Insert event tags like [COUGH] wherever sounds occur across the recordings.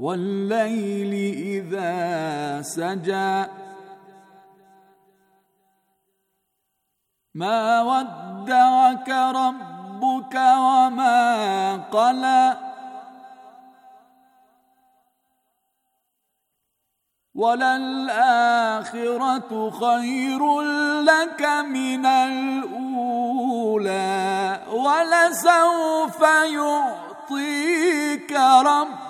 والليل إذا سجى ما ودعك ربك وما قلى وللآخرة خير لك من الأولى ولسوف يعطيك ربك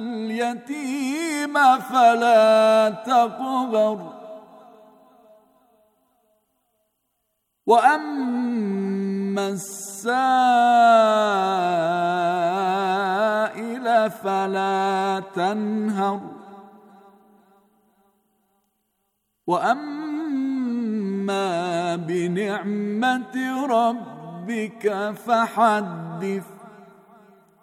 اليتيم فلا تقهر واما السائل فلا تنهر واما بنعمه ربك فحدث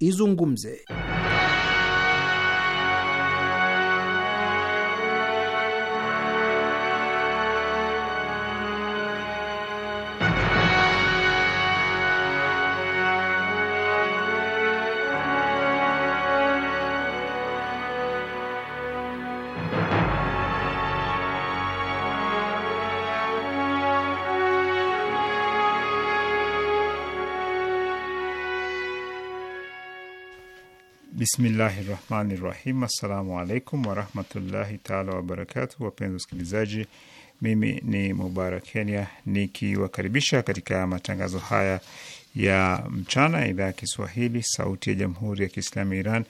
izungumze. Bismillahi rahmani rahim. Assalamu alaikum warahmatullahi taala wabarakatu. Wapenzi wasikilizaji, mimi ni Mubarak Kenya nikiwakaribisha katika matangazo haya ya mchana idha idhaa ya Kiswahili sauti ya jamhuri ya Kiislamu ya Iran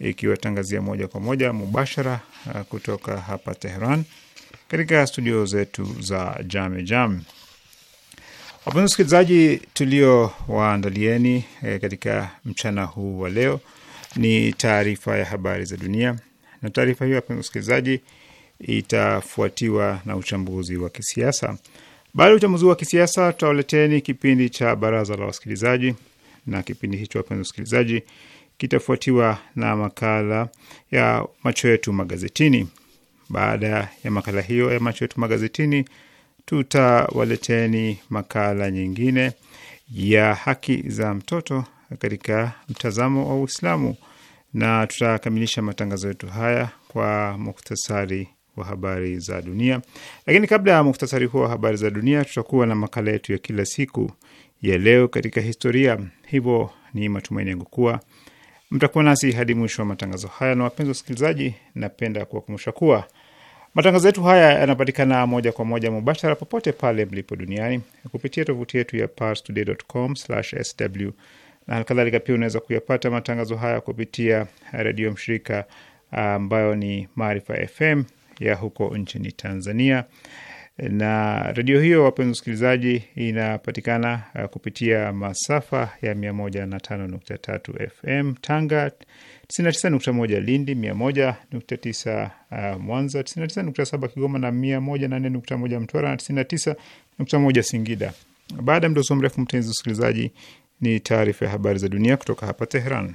ikiwatangazia moja kwa moja mubashara uh, kutoka hapa Tehran katika studio zetu za Jame Jam. Wapenzi wasikilizaji, tulio waandalieni eh, katika mchana huu wa leo ni taarifa ya habari za dunia, na taarifa hiyo, wapenzi wasikilizaji, itafuatiwa na uchambuzi wa kisiasa. Baada ya uchambuzi wa kisiasa, tutawaleteni kipindi cha baraza la wasikilizaji, na kipindi hicho, wapenzi wasikilizaji, kitafuatiwa na makala ya macho yetu magazetini. Baada ya makala hiyo ya macho yetu magazetini, tutawaleteni makala nyingine ya haki za mtoto katika mtazamo wa Uislamu, na tutakamilisha matangazo yetu haya kwa muktasari wa habari za dunia. Lakini kabla ya muktasari huo wa habari za dunia, tutakuwa na makala yetu ya kila siku ya leo katika historia. Hivyo ni matumaini yangu kuwa mtakuwa nasi hadi mwisho wa matangazo haya. Na wapenzi wasikilizaji, napenda kuwakumbusha kuwa matangazo yetu haya yanapatikana moja kwa moja mubashara popote pale mlipo duniani kupitia tovuti yetu ya parstoday.com/sw na halikadhalika pia unaweza kuyapata matangazo haya kupitia redio mshirika ah, ambayo ni Maarifa FM ya huko nchini Tanzania, na redio hiyo, wapenzi wasikilizaji, inapatikana ah, kupitia masafa ya 105.3 FM Tanga, 99.1 Lindi, 101.9 ah, Mwanza, 99.7 Kigoma na 104.1 Mtwara na 99.1 Singida. Baada ya mdoso mrefu, mpenzi msikilizaji, ni taarifa ya habari za dunia kutoka hapa Tehran.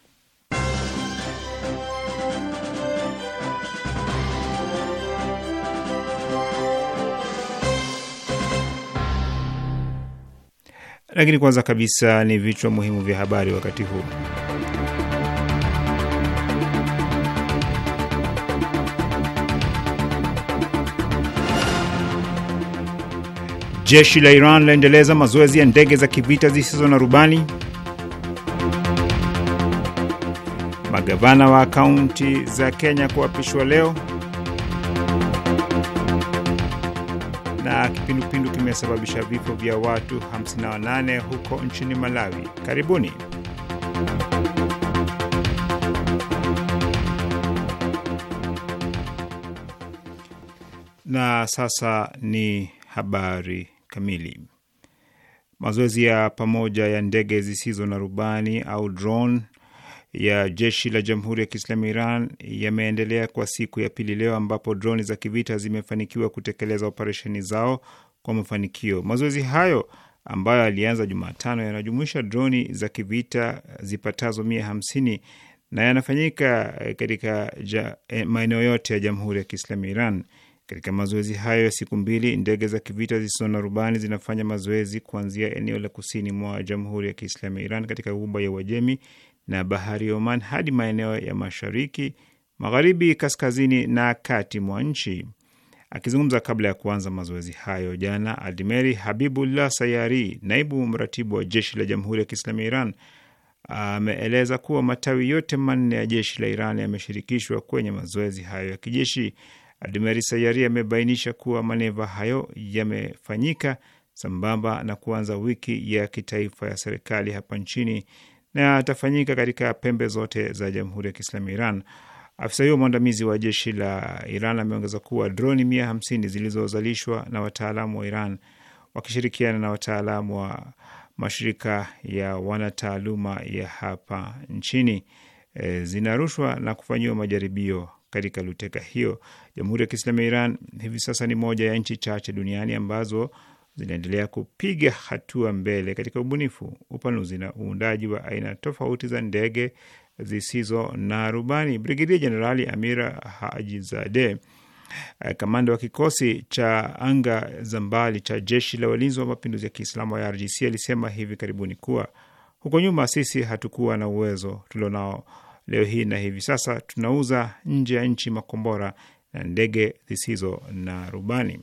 Lakini kwanza kabisa ni vichwa muhimu vya habari wakati huu. Jeshi la Iran laendeleza mazoezi ya ndege za kivita zisizo na rubani. Magavana wa kaunti za Kenya kuapishwa leo. kipindupindu kimesababisha vifo vya watu 58 huko nchini Malawi. Karibuni. Na sasa ni habari kamili. Mazoezi ya pamoja ya ndege zisizo na rubani au drone ya jeshi la Jamhuri ya Kiislamu Iran yameendelea kwa siku ya pili leo, ambapo droni za kivita zimefanikiwa kutekeleza operesheni zao kwa mafanikio. Mazoezi hayo ambayo alianza Jumatano yanajumuisha droni za kivita zipatazo mia hamsini na yanafanyika katika ja, e, maeneo yote ya Jamhuri ya Kiislamu Iran. Katika mazoezi hayo ya siku mbili, ndege za kivita zisizo na rubani zinafanya mazoezi kuanzia eneo la kusini mwa Jamhuri ya Kiislamu ya Iran katika ghuba ya Uajemi na bahari ya Oman hadi maeneo ya mashariki, magharibi, kaskazini na kati mwa nchi. Akizungumza kabla ya kuanza mazoezi hayo jana, Admeri Habibullah Sayari, naibu mratibu wa jeshi la Jamhuri ya Kiislami ya Iran, ameeleza kuwa matawi yote manne ya jeshi la Iran yameshirikishwa kwenye mazoezi hayo ya kijeshi. Admeri Sayari amebainisha kuwa maneva hayo yamefanyika sambamba na kuanza wiki ya kitaifa ya serikali hapa nchini na yatafanyika katika pembe zote za Jamhuri ya Kiislamu ya Iran. Afisa huyo mwandamizi wa jeshi la Iran ameongeza kuwa droni mia hamsini zilizozalishwa na wataalamu wa Iran wakishirikiana na wataalamu wa mashirika ya wanataaluma ya hapa nchini e, zinarushwa na kufanyiwa majaribio katika luteka hiyo. Jamhuri ya Kiislamu ya Iran hivi sasa ni moja ya nchi chache duniani ambazo zinaendelea kupiga hatua mbele katika ubunifu, upanuzi na uundaji wa aina tofauti za ndege zisizo na rubani. Brigedia Jenerali Amira Hajizade, eh, kamanda wa kikosi cha anga za mbali cha jeshi la walinzi wa mapinduzi ya Kiislamu ya IRGC, alisema hivi karibuni kuwa huko nyuma sisi hatukuwa na uwezo tulionao leo hii, na hivi sasa tunauza nje ya nchi makombora na ndege zisizo na rubani.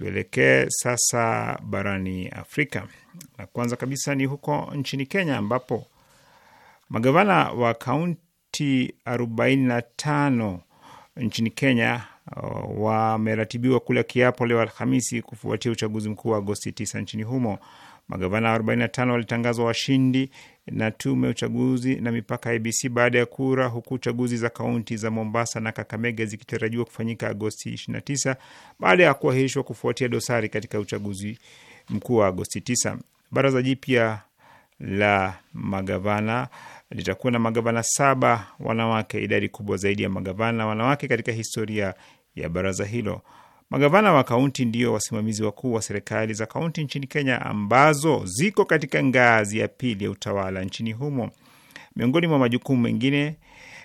Tuelekee sasa barani Afrika na kwanza kabisa ni huko nchini Kenya ambapo magavana wa kaunti 45 nchini Kenya uh, wameratibiwa kula kiapo leo Alhamisi kufuatia uchaguzi mkuu wa Agosti 9 nchini humo. Magavana 45 walitangazwa washindi na tume ya uchaguzi na mipaka IBC baada ya kura, huku chaguzi za kaunti za Mombasa na Kakamega zikitarajiwa kufanyika Agosti 29 baada ya kuahirishwa kufuatia dosari katika uchaguzi mkuu wa Agosti 9. Baraza jipya la magavana litakuwa na magavana saba wanawake, idadi kubwa zaidi ya magavana wanawake katika historia ya baraza hilo. Magavana wa kaunti ndio wasimamizi wakuu wa serikali za kaunti nchini Kenya, ambazo ziko katika ngazi ya pili ya utawala nchini humo. Miongoni mwa majukumu mengine,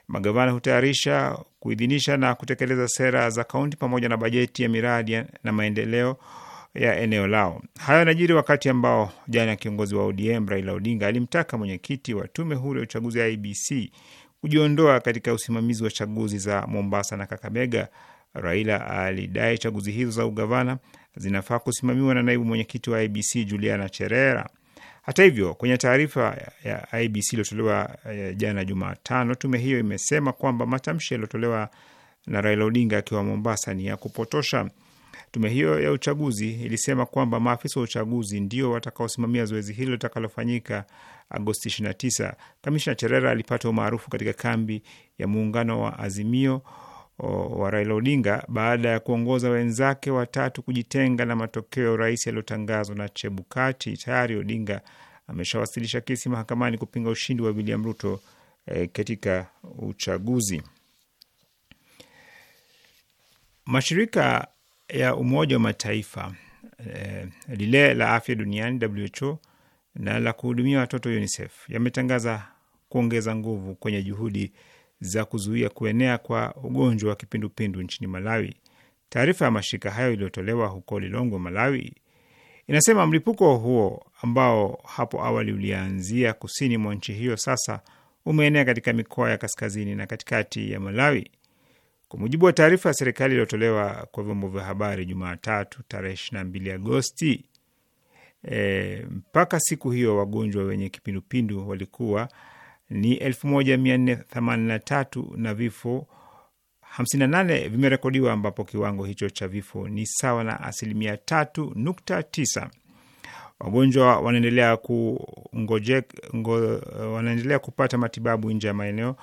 magavana hutayarisha, kuidhinisha na kutekeleza sera za kaunti pamoja na bajeti ya miradi na maendeleo ya eneo lao. Hayo yanajiri wakati ambao jana kiongozi wa ODM Raila Odinga alimtaka mwenyekiti wa tume huru ya uchaguzi ya IBC kujiondoa katika usimamizi wa chaguzi za Mombasa na Kakamega Raila alidai chaguzi hizo za ugavana zinafaa kusimamiwa na naibu mwenyekiti wa IBC Juliana Cherera. Hata hivyo, kwenye taarifa ya IBC iliyotolewa eh, jana Jumatano, tume hiyo imesema kwamba matamshi yaliyotolewa na Raila Odinga akiwa Mombasa ni ya kupotosha. Tume hiyo ya uchaguzi ilisema kwamba maafisa wa uchaguzi ndio watakaosimamia zoezi hilo litakalofanyika Agosti 29. Kamishna Cherera alipata umaarufu katika kambi ya muungano wa Azimio wa Raila Odinga baada ya kuongoza wenzake watatu kujitenga na matokeo ya urais yaliyotangazwa na Chebukati. Tayari Odinga ameshawasilisha kesi mahakamani kupinga ushindi wa William Ruto eh, katika uchaguzi. Mashirika ya Umoja wa Mataifa eh, lile la afya duniani WHO na la kuhudumia watoto UNICEF yametangaza kuongeza nguvu kwenye juhudi za kuzuia kuenea kwa ugonjwa wa kipindupindu nchini Malawi. Taarifa ya mashirika hayo iliyotolewa huko Lilongwe, Malawi, inasema mlipuko huo ambao hapo awali ulianzia kusini mwa nchi hiyo sasa umeenea katika mikoa ya kaskazini na katikati ya Malawi. Kwa mujibu wa taarifa ya serikali iliyotolewa kwa vyombo vya habari Jumatatu tarehe 22 Agosti, e, mpaka siku hiyo wagonjwa wenye kipindupindu walikuwa ni 1483 na vifo 58 vimerekodiwa ambapo kiwango hicho cha vifo ni sawa na asilimia 3.9. Wagonjwa wanaendelea kungoje, ngo, wanaendelea kupata matibabu nje ya maeneo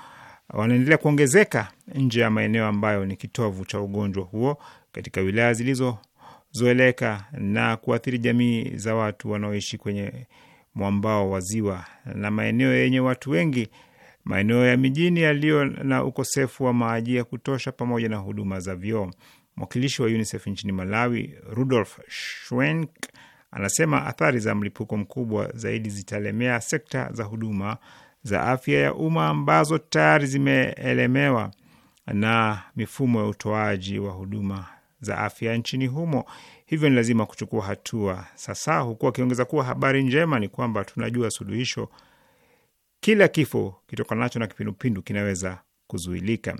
wanaendelea kuongezeka nje ya maeneo ambayo ni kitovu cha ugonjwa huo katika wilaya zilizozoeleka na kuathiri jamii za watu wanaoishi kwenye mwambao wa ziwa na maeneo yenye watu wengi, maeneo ya mijini yaliyo na ukosefu wa maji ya kutosha, pamoja na huduma za vyoo. Mwakilishi wa UNICEF nchini Malawi, Rudolf Schwenk, anasema athari za mlipuko mkubwa zaidi zitalemea sekta za huduma za afya ya umma ambazo tayari zimeelemewa na mifumo ya utoaji wa huduma za afya nchini humo, hivyo ni lazima kuchukua hatua sasa, huku akiongeza kuwa habari njema ni kwamba tunajua suluhisho. Kila kifo kitokanacho na kipindupindu kinaweza kuzuilika.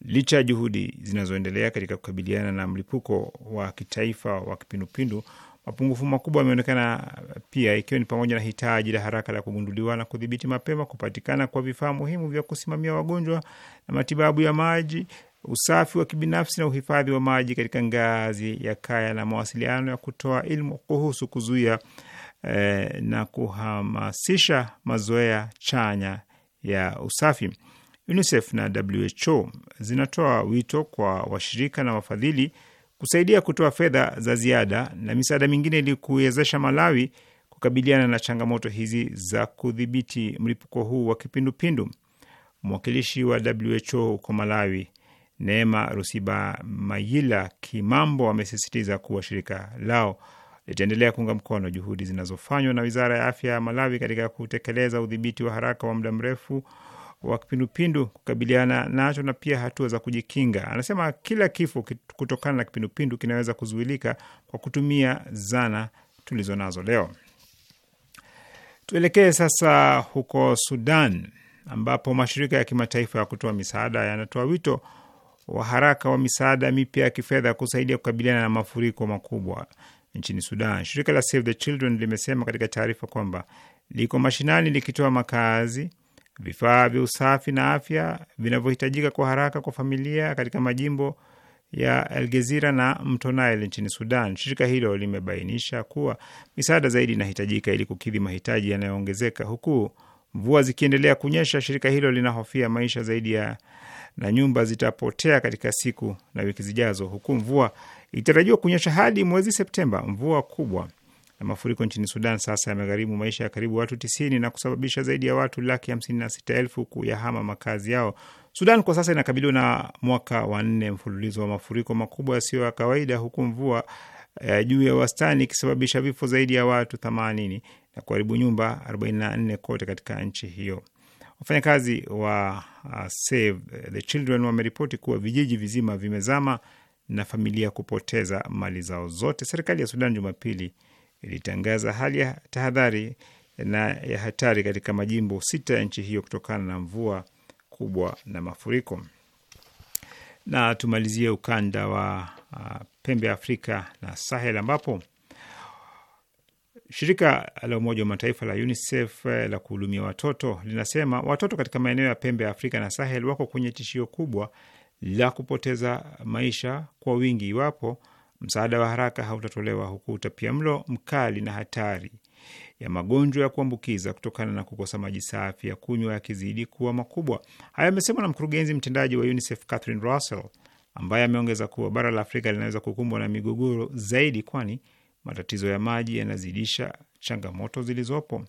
Licha ya juhudi zinazoendelea katika kukabiliana na mlipuko wa kitaifa wa kipindupindu, mapungufu makubwa yameonekana pia, ikiwa ni pamoja na hitaji la haraka la kugunduliwa na kudhibiti mapema, kupatikana kwa vifaa muhimu vya kusimamia wagonjwa na matibabu ya maji usafi wa kibinafsi na uhifadhi wa maji katika ngazi ya kaya na mawasiliano ya kutoa elimu kuhusu kuzuia eh, na kuhamasisha mazoea chanya ya usafi. UNICEF na WHO zinatoa wito kwa washirika na wafadhili kusaidia kutoa fedha za ziada na misaada mingine ili kuwezesha Malawi kukabiliana na changamoto hizi za kudhibiti mlipuko huu wa kipindupindu. Mwakilishi wa WHO huko Malawi Neema rusiba mayila Kimambo amesisitiza kuwa shirika lao litaendelea kuunga mkono juhudi zinazofanywa na wizara ya afya ya Malawi katika kutekeleza udhibiti wa haraka wa muda mrefu wa kipindupindu, kukabiliana nacho na pia hatua za kujikinga. Anasema kila kifo kutokana na kipindupindu kinaweza kuzuilika kwa kutumia zana tulizo nazo leo. Tuelekee sasa huko Sudan ambapo mashirika ya kimataifa ya kutoa misaada yanatoa wito wa haraka wa misaada mipya ya kifedha kusaidia kukabiliana na mafuriko makubwa nchini Sudan. Shirika la Save the Children limesema katika taarifa kwamba liko mashinani likitoa makazi, vifaa vya usafi na afya vinavyohitajika kwa haraka kwa familia katika majimbo ya Algezira na mto Nile nchini Sudan. Shirika hilo limebainisha kuwa misaada zaidi inahitajika ili kukidhi mahitaji yanayoongezeka, huku mvua zikiendelea kunyesha. Shirika hilo linahofia maisha zaidi ya na nyumba zitapotea katika siku na wiki zijazo, huku mvua ikitarajiwa kunyesha hadi mwezi Septemba. Mvua kubwa na mafuriko nchini Sudan sasa yamegharimu maisha ya karibu watu tisini na kusababisha zaidi ya watu laki hamsini na sita elfu kuyahama makazi yao. Sudan kwa sasa inakabiliwa na mwaka wa nne mfululizo wa mafuriko makubwa yasiyo ya kawaida, huku mvua ya eh, juu ya wastani ikisababisha vifo zaidi ya watu themanini na kuharibu nyumba 44 kote katika nchi hiyo. Wafanyakazi wa uh, Save the Children wameripoti kuwa vijiji vizima vimezama na familia kupoteza mali zao zote. Serikali ya Sudan Jumapili ilitangaza hali ya tahadhari na ya hatari katika majimbo sita ya nchi hiyo kutokana na mvua kubwa na mafuriko. Na tumalizie ukanda wa uh, pembe ya Afrika na Sahel ambapo Shirika la Umoja wa Mataifa la UNICEF eh, la kuhudumia watoto linasema watoto katika maeneo ya pembe ya Afrika na Sahel wako kwenye tishio kubwa la kupoteza maisha kwa wingi iwapo msaada wa haraka hautatolewa, huku utapia mlo mkali na hatari ya magonjwa ya kuambukiza kutokana na kukosa maji safi ya kunywa yakizidi kuwa makubwa. Haya amesemwa na mkurugenzi mtendaji wa UNICEF Catherine Russell, ambaye ameongeza kuwa bara la Afrika linaweza kukumbwa na migogoro zaidi, kwani Matatizo ya maji yanazidisha changamoto zilizopo.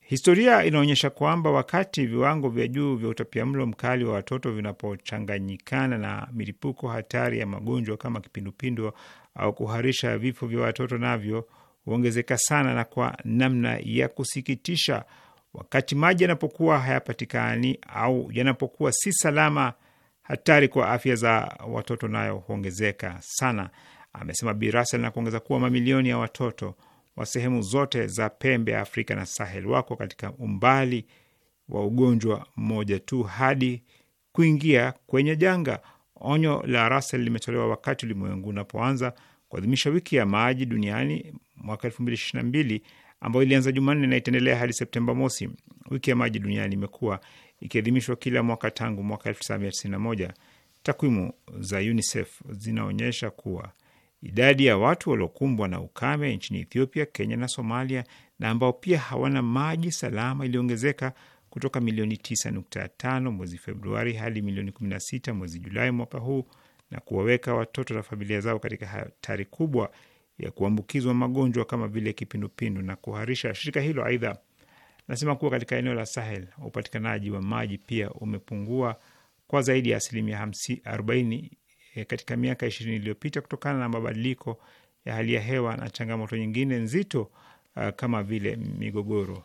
Historia inaonyesha kwamba wakati viwango vya juu vya utapiamlo mkali wa watoto vinapochanganyikana na milipuko hatari ya magonjwa kama kipindupindu au kuharisha, vifo vya watoto navyo huongezeka sana na kwa namna ya kusikitisha. Wakati maji yanapokuwa hayapatikani au yanapokuwa si salama, hatari kwa afya za watoto nayo huongezeka sana amesema Bi Russell na kuongeza kuwa mamilioni ya watoto wa sehemu zote za pembe ya Afrika na Sahel wako katika umbali wa ugonjwa mmoja tu hadi kuingia kwenye janga. Onyo la Russell limetolewa wakati ulimwengu unapoanza kuadhimisha wiki ya maji duniani mwaka mbili ambayo ilianza Jumanne na itaendelea hadi Septemba mosi. Wiki ya maji duniani imekuwa ikiadhimishwa kila mwaka tangu mwaka 1991. Takwimu za UNICEF zinaonyesha kuwa idadi ya watu waliokumbwa na ukame nchini Ethiopia, Kenya na Somalia na ambao pia hawana maji salama iliongezeka kutoka milioni 9.5 mwezi Februari hadi milioni 16 mwezi Julai mwaka huu na kuwaweka watoto na familia zao katika hatari kubwa ya kuambukizwa magonjwa kama vile kipindupindu na kuharisha. Shirika hilo aidha nasema kuwa katika eneo la Sahel upatikanaji wa maji pia umepungua kwa zaidi ya asilimia 40 Eh, katika miaka ishirini iliyopita kutokana na mabadiliko ya hali ya hewa na changamoto nyingine nzito uh, kama vile migogoro.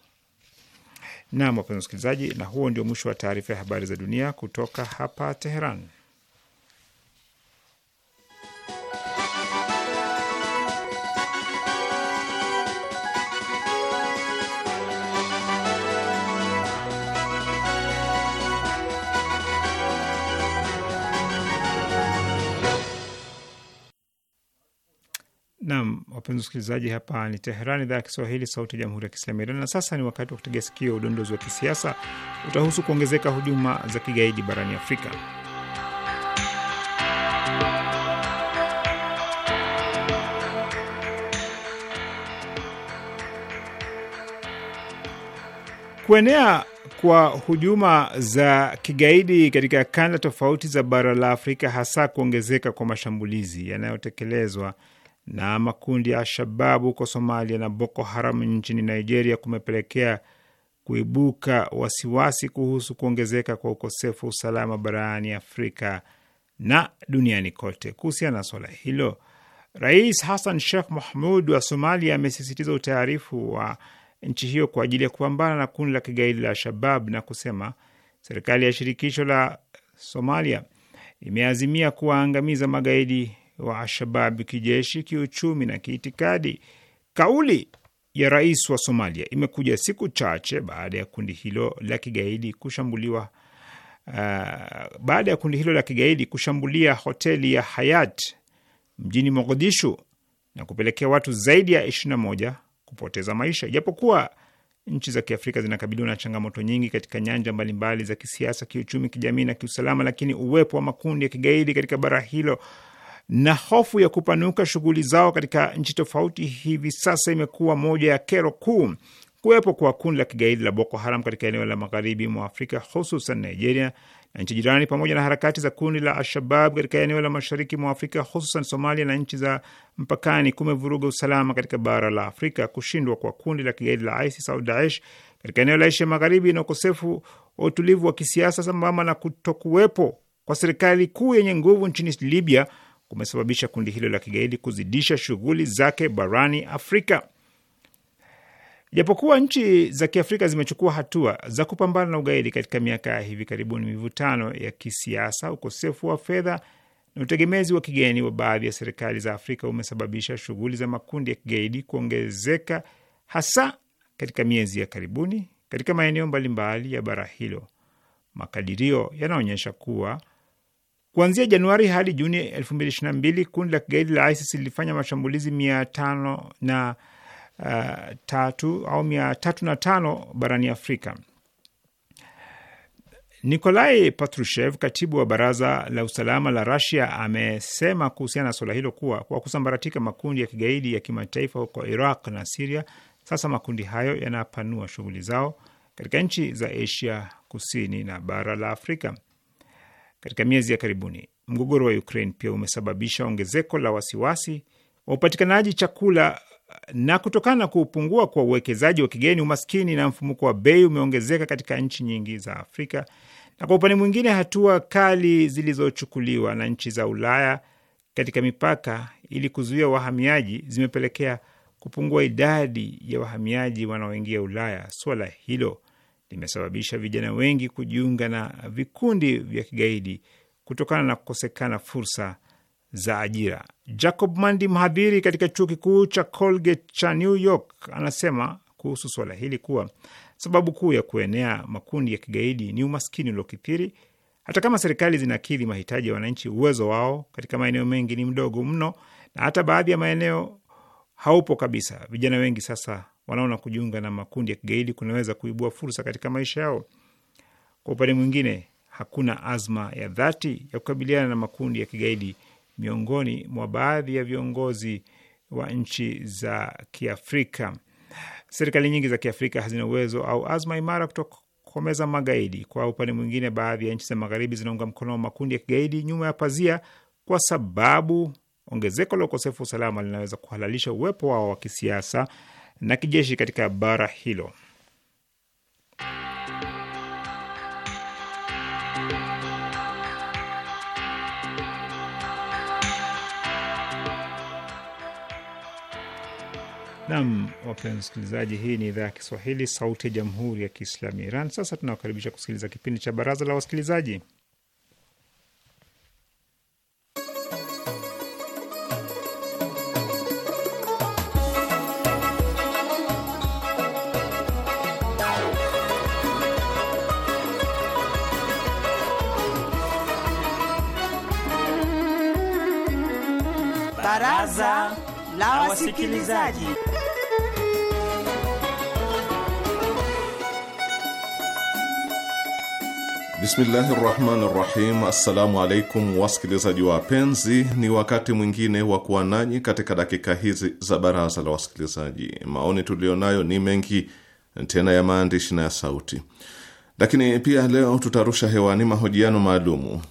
Naam, wapenzi wasikilizaji, na huo ndio mwisho wa taarifa ya habari za dunia kutoka hapa Teheran. wapenzi wasikilizaji, hapa ni Teherani, idhaa ya Kiswahili, sauti ya jamhuri ya kiislamu Iran. Na sasa ni wakati wa kutega sikio. Udondozi wa kisiasa utahusu kuongezeka hujuma za kigaidi barani Afrika. Kuenea kwa hujuma za kigaidi katika kanda tofauti za bara la Afrika, hasa kuongezeka kwa mashambulizi yanayotekelezwa na makundi ya Alshababu huko Somalia na Boko Haram nchini Nigeria kumepelekea kuibuka wasiwasi kuhusu kuongezeka kwa ukosefu wa usalama barani Afrika na duniani kote. Kuhusiana na swala hilo, Rais Hassan Sheikh Mohamud wa Somalia amesisitiza utayarifu wa nchi hiyo kwa ajili ya kupambana na kundi la kigaidi la alshabab shabab na kusema serikali ya shirikisho la Somalia imeazimia kuwaangamiza magaidi wa Al-Shabab kijeshi, kiuchumi na kiitikadi. Kauli ya rais wa Somalia imekuja siku chache baada ya kundi hilo la kigaidi kushambuliwa uh, baada ya kundi hilo la kigaidi kushambulia hoteli ya Hayat mjini Mogadishu na kupelekea watu zaidi ya 21 kupoteza maisha. Ijapokuwa nchi za Kiafrika zinakabiliwa na changamoto nyingi katika nyanja mbalimbali za kisiasa, kiuchumi, kijamii na kiusalama, lakini uwepo wa makundi ya kigaidi katika bara hilo na hofu ya kupanuka shughuli zao katika nchi tofauti hivi sasa imekuwa moja ya kero kuu. Kuwepo kwa kundi la kigaidi la Boko Haram katika eneo la magharibi mwa Afrika, hususan Nigeria na nchi jirani, pamoja na harakati za kundi la Alshabab katika eneo la mashariki mwa Afrika, hususan Somalia na nchi za mpakani, kumevuruga usalama katika bara la Afrika. Kushindwa kwa kundi la kigaidi la ISIS au Daesh katika eneo la Asia Magharibi na ukosefu wa utulivu wa kisiasa sambamba na kutokuwepo kwa serikali kuu yenye nguvu nchini Libya kumesababisha kundi hilo la kigaidi kuzidisha shughuli zake barani Afrika. Japokuwa nchi za Kiafrika zimechukua hatua za kupambana na ugaidi katika miaka ya hivi karibuni, mivutano ya kisiasa, ukosefu wa fedha na utegemezi wa kigeni wa baadhi ya serikali za Afrika umesababisha shughuli za makundi ya kigaidi kuongezeka, hasa katika miezi ya karibuni katika maeneo mbalimbali ya bara hilo. Makadirio yanaonyesha kuwa Kuanzia Januari hadi Juni 2022 kundi la kigaidi la ISIS lilifanya mashambulizi mia tano na uh, tatu au mia tatu na tano barani Afrika. Nikolai Patrushev, katibu wa baraza la usalama la Rasia, amesema kuhusiana na suala hilo kuwa kwa kusambaratika makundi ya kigaidi ya kimataifa huko Iraq na Siria, sasa makundi hayo yanapanua shughuli zao katika nchi za Asia kusini na bara la Afrika katika miezi ya karibuni. Mgogoro wa Ukraine pia umesababisha ongezeko la wasiwasi wa upatikanaji chakula na kutokana na kupungua kwa uwekezaji wa kigeni, umaskini na mfumuko wa bei umeongezeka katika nchi nyingi za Afrika. Na kwa upande mwingine, hatua kali zilizochukuliwa na nchi za Ulaya katika mipaka ili kuzuia wahamiaji zimepelekea kupungua idadi ya wahamiaji wanaoingia Ulaya. Suala hilo limesababisha vijana wengi kujiunga na vikundi vya kigaidi kutokana na kukosekana fursa za ajira. Jacob Mandi, mhadhiri katika chuo kikuu cha Colgate cha New York, anasema kuhusu suala hili kuwa sababu kuu ya kuenea makundi ya kigaidi ni umaskini uliokithiri. Hata kama serikali zinakidhi mahitaji ya wananchi, uwezo wao katika maeneo mengi ni mdogo mno, na hata baadhi ya maeneo haupo kabisa. Vijana wengi sasa wanaona kujiunga na makundi ya kigaidi kunaweza kuibua fursa katika maisha yao. Kwa upande mwingine, hakuna azma ya dhati ya kukabiliana na makundi ya kigaidi miongoni mwa baadhi ya viongozi wa nchi za Kiafrika. Serikali nyingi za Kiafrika hazina uwezo au azma imara kutokomeza magaidi. Kwa upande mwingine, baadhi ya nchi za Magharibi zinaunga mkono makundi ya kigaidi nyuma ya pazia, kwa sababu ongezeko la ukosefu wa usalama linaweza kuhalalisha uwepo wao wa kisiasa na kijeshi katika bara hilo. Nam, wapenzi msikilizaji, hii ni idhaa ya Kiswahili, Sauti ya Jamhuri ya Kiislamu ya Iran. Sasa tunawakaribisha kusikiliza kipindi cha Baraza la Wasikilizaji. Baraza la Wasikilizaji. Bismillahi rahmani rahim. Assalamu alaikum wasikilizaji wapenzi, ni wakati mwingine wa kuwa nanyi katika dakika hizi za baraza la wasikilizaji. Maoni tuliyonayo ni mengi tena ya maandishi na ya sauti, lakini pia leo tutarusha hewani mahojiano maalumu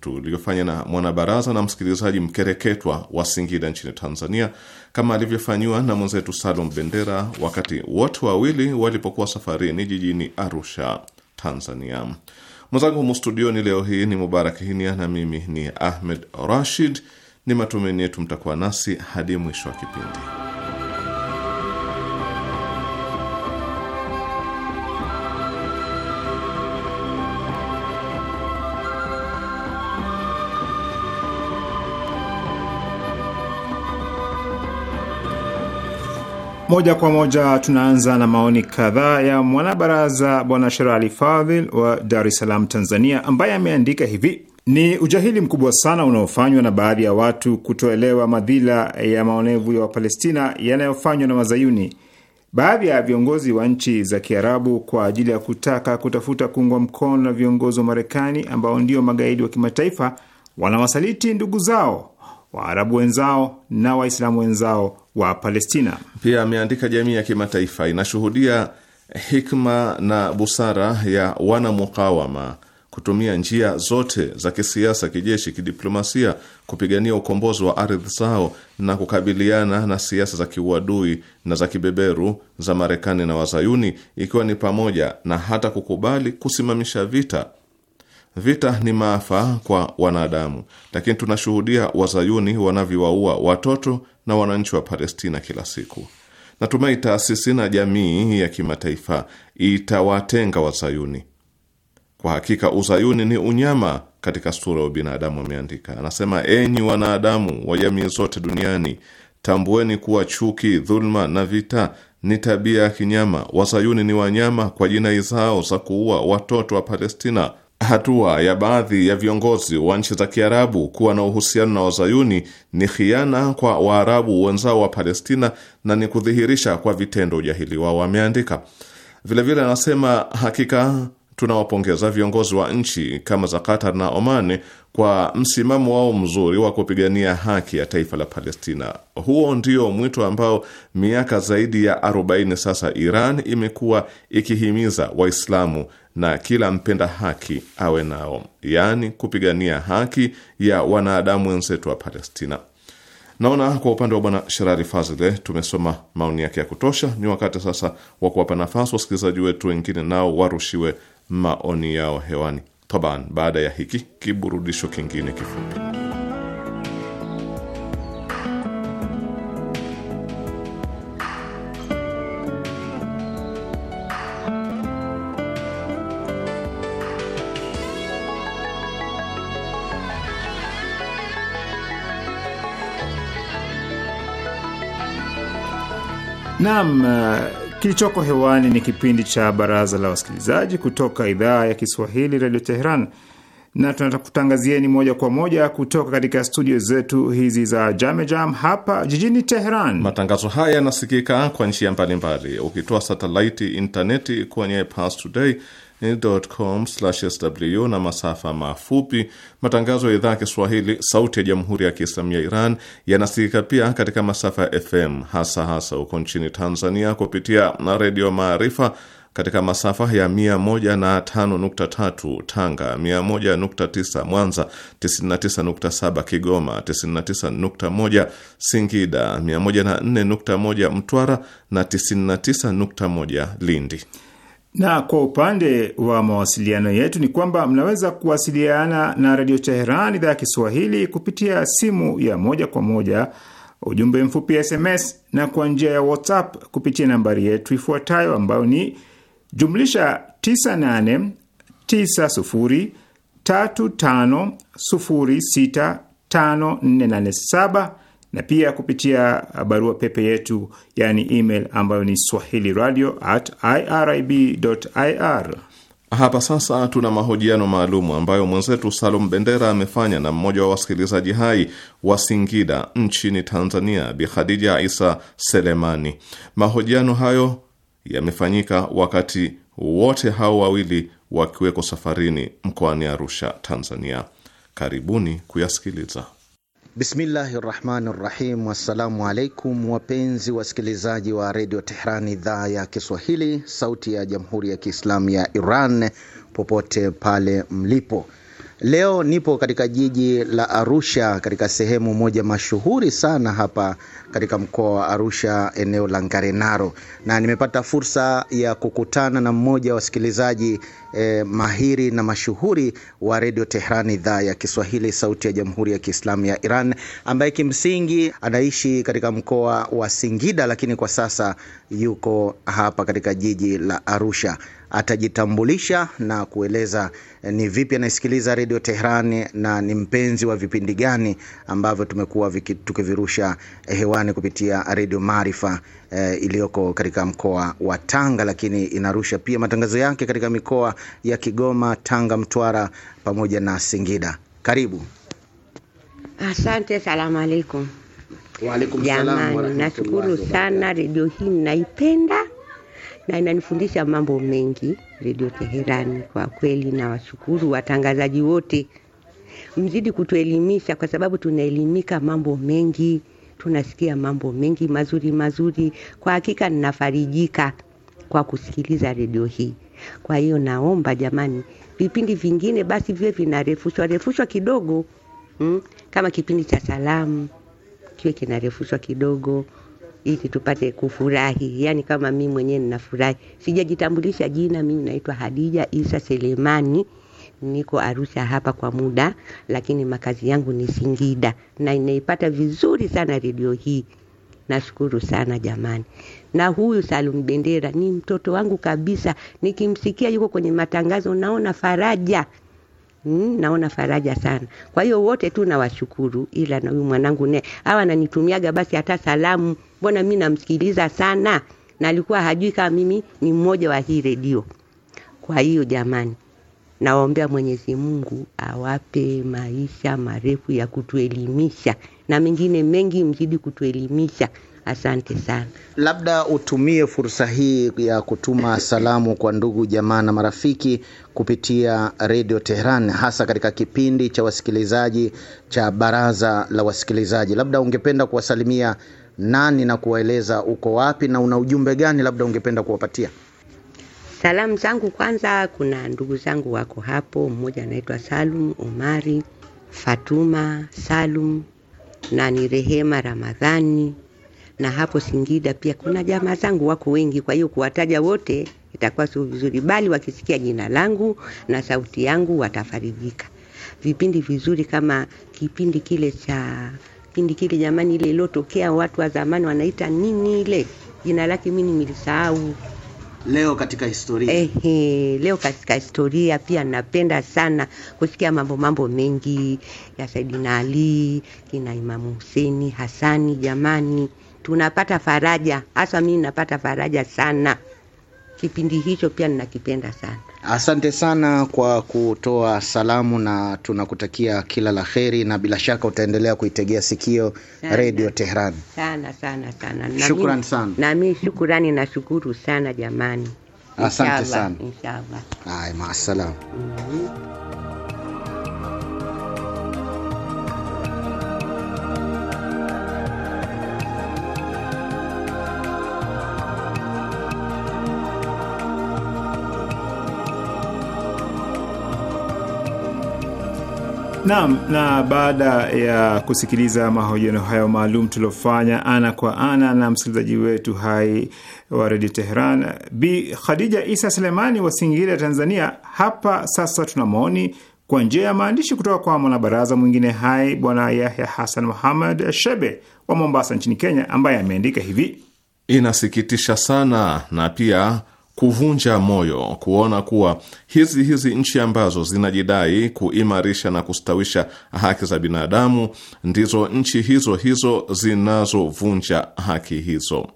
tuliyofanya na mwanabaraza na msikilizaji mkereketwa wa Singida nchini Tanzania, kama alivyofanyiwa na mwenzetu Salum Bendera wakati wote wawili walipokuwa safarini jijini Arusha, Tanzania. Mwenzangu humu studioni leo hii ni Mubarak Hinia na mimi ni Ahmed Rashid. Ni matumaini yetu mtakuwa nasi hadi mwisho wa kipindi. Moja kwa moja tunaanza na maoni kadhaa ya mwanabaraza Bwana Sherali Fadhil wa Dar es Salaam, Tanzania, ambaye ameandika hivi: ni ujahili mkubwa sana unaofanywa na baadhi ya watu kutoelewa madhila ya maonevu ya Wapalestina yanayofanywa na Wazayuni. Baadhi ya viongozi wa nchi za Kiarabu kwa ajili ya kutaka kutafuta kuungwa mkono na viongozi wa Marekani ambao ndio magaidi wa kimataifa wanawasaliti ndugu zao Waarabu wenzao na Waislamu wenzao wa Palestina. Pia ameandika, jamii ya kimataifa inashuhudia hikma na busara ya wanamukawama kutumia njia zote za kisiasa, kijeshi, kidiplomasia kupigania ukombozi wa ardhi zao na kukabiliana na siasa za kiuadui na za kibeberu za Marekani na Wazayuni, ikiwa ni pamoja na hata kukubali kusimamisha vita Vita ni maafa kwa wanadamu, lakini tunashuhudia wazayuni wanavyowaua watoto na wananchi wa Palestina kila siku. Natumai taasisi na jamii ya kimataifa itawatenga wazayuni. Kwa hakika uzayuni ni unyama katika sura ya ubinadamu, ameandika. Anasema, enyi wanadamu wa jamii zote duniani, tambueni kuwa chuki, dhuluma na vita ni tabia ya kinyama. Wazayuni ni wanyama kwa jinai zao za kuua watoto wa Palestina Hatua ya baadhi ya viongozi wa nchi za Kiarabu kuwa na uhusiano na Wazayuni ni khiana kwa Waarabu wenzao wa Palestina na ni kudhihirisha kwa vitendo ujahili wao, wameandika. Vilevile anasema hakika tunawapongeza viongozi wa nchi kama za Qatar na Oman kwa msimamo wao mzuri wa kupigania haki ya taifa la Palestina. Huo ndio mwito ambao miaka zaidi ya 40 sasa Iran imekuwa ikihimiza Waislamu na kila mpenda haki awe nao, yaani kupigania haki ya wanadamu wenzetu wa Palestina. Naona kwa upande wa Bwana Sherari Fazile tumesoma maoni yake ya kutosha. Ni wakati sasa wa kuwapa nafasi wasikilizaji wetu wengine, nao warushiwe maoni yao hewani toban baada ya hiki kiburudisho kingine kifupi. Naam, uh, kilichoko hewani ni kipindi cha Baraza la Wasikilizaji kutoka idhaa ya Kiswahili Radio Teheran, na tunatakutangazieni moja kwa moja kutoka katika studio zetu hizi za Jamejam hapa jijini Teheran. Matangazo haya yanasikika kwa njia mbalimbali, ukitoa satelaiti, intaneti kwenye Pastoday sw na masafa mafupi. Matangazo ya idhaa ya Kiswahili sauti ya jamhuri ya Kiislamu ya Iran yanasikika pia katika masafa ya FM hasa hasa huko nchini Tanzania kupitia Redio Maarifa katika masafa ya 105.3 Tanga, 101.9 Mwanza, 99.7 Kigoma, 99.1 Singida, 104.1 Mtwara na 99.1 Lindi. Na kwa upande wa mawasiliano yetu ni kwamba mnaweza kuwasiliana na redio Teheran idhaa ya Kiswahili kupitia simu ya moja kwa moja, ujumbe mfupi SMS, na kwa njia ya WhatsApp kupitia nambari yetu ifuatayo ambayo ni jumlisha 98 na pia kupitia uh, barua pepe yetu yani email ambayo ni swahili radio at ir. Hapa sasa tuna mahojiano maalumu ambayo mwenzetu Salum Bendera amefanya na mmoja wa wasikilizaji hai wa Singida nchini Tanzania, Bi Khadija Isa Selemani. Mahojiano hayo yamefanyika wakati wote hao wawili wakiweko safarini mkoani Arusha, Tanzania. Karibuni kuyasikiliza. Bismillahi rahmani rahim. Wassalamu alaikum wapenzi wasikilizaji wa redio Tehran, idhaa ya Kiswahili, sauti ya jamhuri ya kiislamu ya Iran, popote pale mlipo. Leo nipo katika jiji la Arusha katika sehemu moja mashuhuri sana hapa katika mkoa wa Arusha, eneo la Ngarenaro, na nimepata fursa ya kukutana na mmoja wa wasikilizaji eh, mahiri na mashuhuri wa Redio Tehran, idhaa ya Kiswahili, sauti ya Jamhuri ya Kiislamu ya Iran, ambaye kimsingi anaishi katika mkoa wa Singida, lakini kwa sasa yuko hapa katika jiji la Arusha atajitambulisha na kueleza eh, ni vipi anaisikiliza Redio Tehran na ni mpenzi wa vipindi gani ambavyo tumekuwa tukivirusha eh, hewani kupitia Redio Maarifa e, iliyoko katika mkoa wa Tanga, lakini inarusha pia matangazo yake katika mikoa ya Kigoma, Tanga, Mtwara pamoja na Singida. Karibu. Asante, salamu alaikum. Waalaikum salaam. Jamani, nashukuru sana, redio hii naipenda na inanifundisha mambo mengi Redio Teherani. Kwa kweli, na washukuru watangazaji wote, mzidi kutuelimisha kwa sababu tunaelimika mambo mengi, tunasikia mambo mengi mazuri mazuri. Kwa hakika ninafarijika kwa kusikiliza redio hii. Kwa hiyo naomba jamani, vipindi vingine basi viwe vinarefushwa refushwa kidogo hmm? kama kipindi cha salamu kiwe kinarefushwa kidogo ili tupate kufurahi. Yani kama mi mwenyewe ninafurahi, sijajitambulisha jina. Mimi naitwa Hadija Isa Selemani, niko Arusha hapa kwa muda, lakini makazi yangu ni Singida na inaipata vizuri sana redio hii. Nashukuru sana jamani. Na huyu Salum Bendera ni mtoto wangu kabisa, nikimsikia yuko kwenye matangazo naona faraja. Mm, naona faraja sana. Kwa hiyo wote tu nawashukuru, ila na huyu mwanangu naye hawa ananitumiaga basi hata salamu, mbona mi namsikiliza sana, na alikuwa hajui kama mimi ni mmoja wa hii redio. Kwa hiyo jamani, nawaombea Mwenyezi Mungu awape maisha marefu ya kutuelimisha na mengine mengi, mzidi kutuelimisha. Asante sana. Labda utumie fursa hii ya kutuma [COUGHS] salamu kwa ndugu jamaa na marafiki kupitia Redio tehran hasa katika kipindi cha wasikilizaji cha Baraza la Wasikilizaji. Labda ungependa kuwasalimia nani na kuwaeleza uko wapi na una ujumbe gani labda ungependa kuwapatia? Salamu zangu kwanza, kuna ndugu zangu wako hapo, mmoja anaitwa Salum Omari, Fatuma Salum na ni Rehema Ramadhani na hapo Singida pia kuna jamaa zangu wako wengi, kwa hiyo kuwataja wote itakuwa sio vizuri, bali wakisikia jina langu na sauti yangu watafarijika. Vipindi vizuri kama kipindi kile cha kipindi kile jamani, ile iliyotokea watu wa zamani wanaita nini ile jina lake mimi nilisahau. Leo katika historia. Ehe, leo katika historia pia napenda sana kusikia mambo mambo mengi ya Saidina Ali, kina Imamu Huseni, Hasani jamani tunapata faraja, hasa mimi napata faraja sana. Kipindi hicho pia ninakipenda sana. Asante sana kwa kutoa salamu na tunakutakia kila la heri, na bila shaka utaendelea kuitegea sikio redio Tehran. Sana sana sana, shukran sana. Na mimi shukurani, nashukuru sana jamani. Asante sana. Inshallah. Haya, maasalamu. Mm-hmm. Naam, na baada ya kusikiliza mahojiano hayo maalum tuliofanya ana kwa ana na msikilizaji wetu hai wa redio Teheran, Bi Khadija Isa Selemani wa Singida, Tanzania. Hapa sasa tuna maoni kwa njia ya maandishi kutoka kwa mwanabaraza mwingine hai Bwana Yahya Hasan Muhammad Shebe wa Mombasa nchini Kenya, ambaye ameandika hivi: inasikitisha sana na pia kuvunja moyo kuona kuwa hizi hizi nchi ambazo zinajidai kuimarisha na kustawisha haki za binadamu ndizo nchi hizo hizo zinazovunja haki hizo.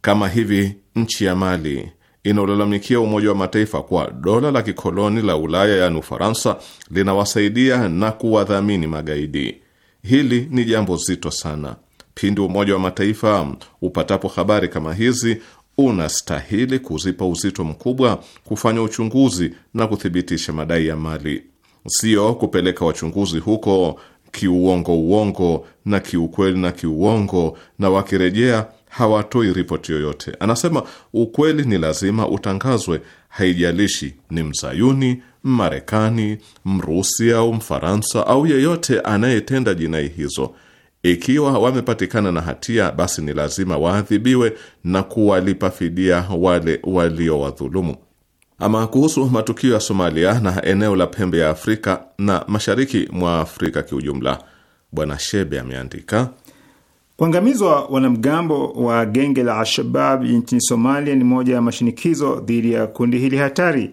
Kama hivi nchi ya Mali inaolalamikia Umoja wa Mataifa kwa dola la kikoloni la Ulaya yaani Ufaransa linawasaidia na kuwadhamini magaidi. Hili ni jambo zito sana. Pindi Umoja wa Mataifa upatapo habari kama hizi unastahili kuzipa uzito mkubwa kufanya uchunguzi na kuthibitisha madai ya mali, sio kupeleka wachunguzi huko kiuongo uongo na kiukweli na kiuongo, na wakirejea hawatoi ripoti yoyote. Anasema ukweli ni lazima utangazwe, haijalishi ni mzayuni Mmarekani, Mrusi au Mfaransa au yeyote anayetenda jinai hizo ikiwa wamepatikana na hatia, basi ni lazima waadhibiwe na kuwalipa fidia wale waliowadhulumu. Ama kuhusu matukio ya Somalia na eneo la pembe ya Afrika na mashariki mwa Afrika kiujumla, Bwana Shebe ameandika kuangamizwa wanamgambo wa genge la Al-Shabab nchini Somalia ni moja ya mashinikizo dhidi ya kundi hili hatari.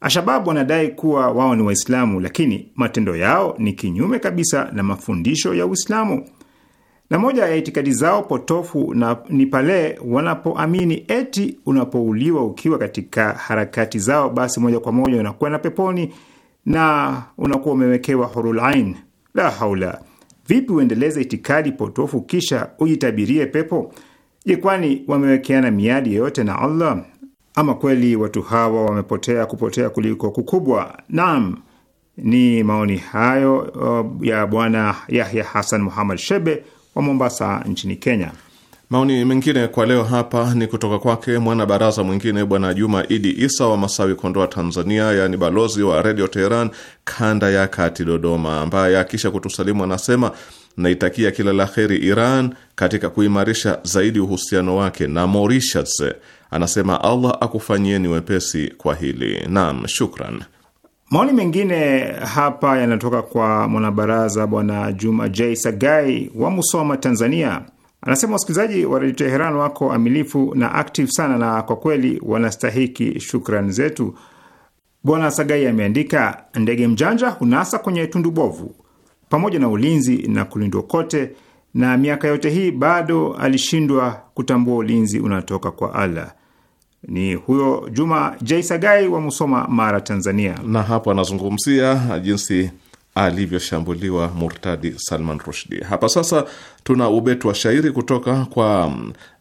Al-Shabab wanadai kuwa wao ni Waislamu, lakini matendo yao ni kinyume kabisa na mafundisho ya Uislamu na moja ya itikadi zao potofu na ni pale wanapoamini eti unapouliwa ukiwa katika harakati zao, basi moja kwa moja unakwenda peponi na unakuwa umewekewa hurul ain. La haula! Vipi uendeleze itikadi potofu kisha ujitabirie pepo? Je, kwani wamewekeana miadi yoyote na Allah? Ama kweli watu hawa wamepotea kupotea kuliko kukubwa. Naam, ni maoni hayo uh, ya Bwana Yahya Hasan Muhammad Shebe wa Mombasa nchini Kenya. Maoni mengine kwa leo hapa ni kutoka kwake mwanabaraza mwingine Bwana Juma Idi Isa wa Masawi, Kondoa, Tanzania, yaani balozi wa Redio Teheran kanda ya kati Dodoma, ambaye akisha kutusalimu anasema naitakia kila la heri Iran katika kuimarisha zaidi uhusiano wake na Mauritius. Anasema Allah akufanyieni wepesi kwa hili. Naam, shukran. Maoni mengine hapa yanatoka kwa mwanabaraza Bwana Juma J Sagai wa Musoma, Tanzania. Anasema wasikilizaji wa redio Teheran wako amilifu na aktiv sana, na kwa kweli wanastahiki shukrani zetu. Bwana Sagai ameandika, ndege mjanja hunasa kwenye tundu bovu, pamoja na ulinzi na kulindwa kote, na miaka yote hii bado alishindwa kutambua ulinzi unatoka kwa Allah ni huyo Juma jaisagai wa Musoma, Mara, Tanzania, na hapo anazungumzia jinsi alivyoshambuliwa murtadi Salman Rushdi. Hapa sasa tuna ubetu wa shairi kutoka kwa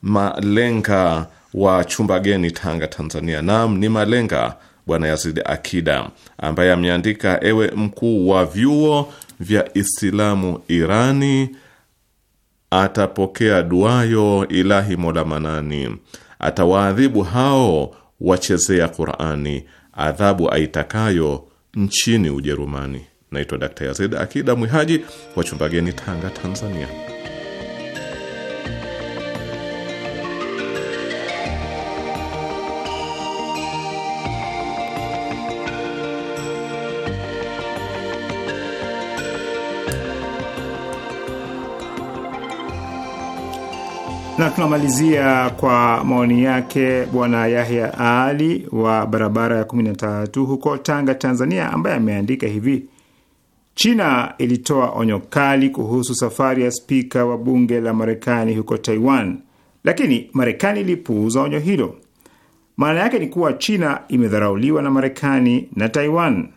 Malenga wa chumba geni, Tanga, Tanzania. Naam, ni Malenga Bwana Yazid Akida ambaye ameandika: ewe mkuu wa vyuo vya Islamu Irani, atapokea duayo ilahi mola manani atawaadhibu hao wachezea Qur'ani adhabu aitakayo nchini Ujerumani. Naitwa Dr. Yazid Akida Mwihaji wa Chumbageni, Tanga, Tanzania. Na tunamalizia kwa maoni yake Bwana Yahya Ali wa barabara ya 13 huko Tanga, Tanzania, ambaye ameandika hivi: China ilitoa onyo kali kuhusu safari ya spika wa bunge la Marekani huko Taiwan, lakini Marekani ilipuuza onyo hilo. Maana yake ni kuwa China imedharauliwa na Marekani na Taiwan.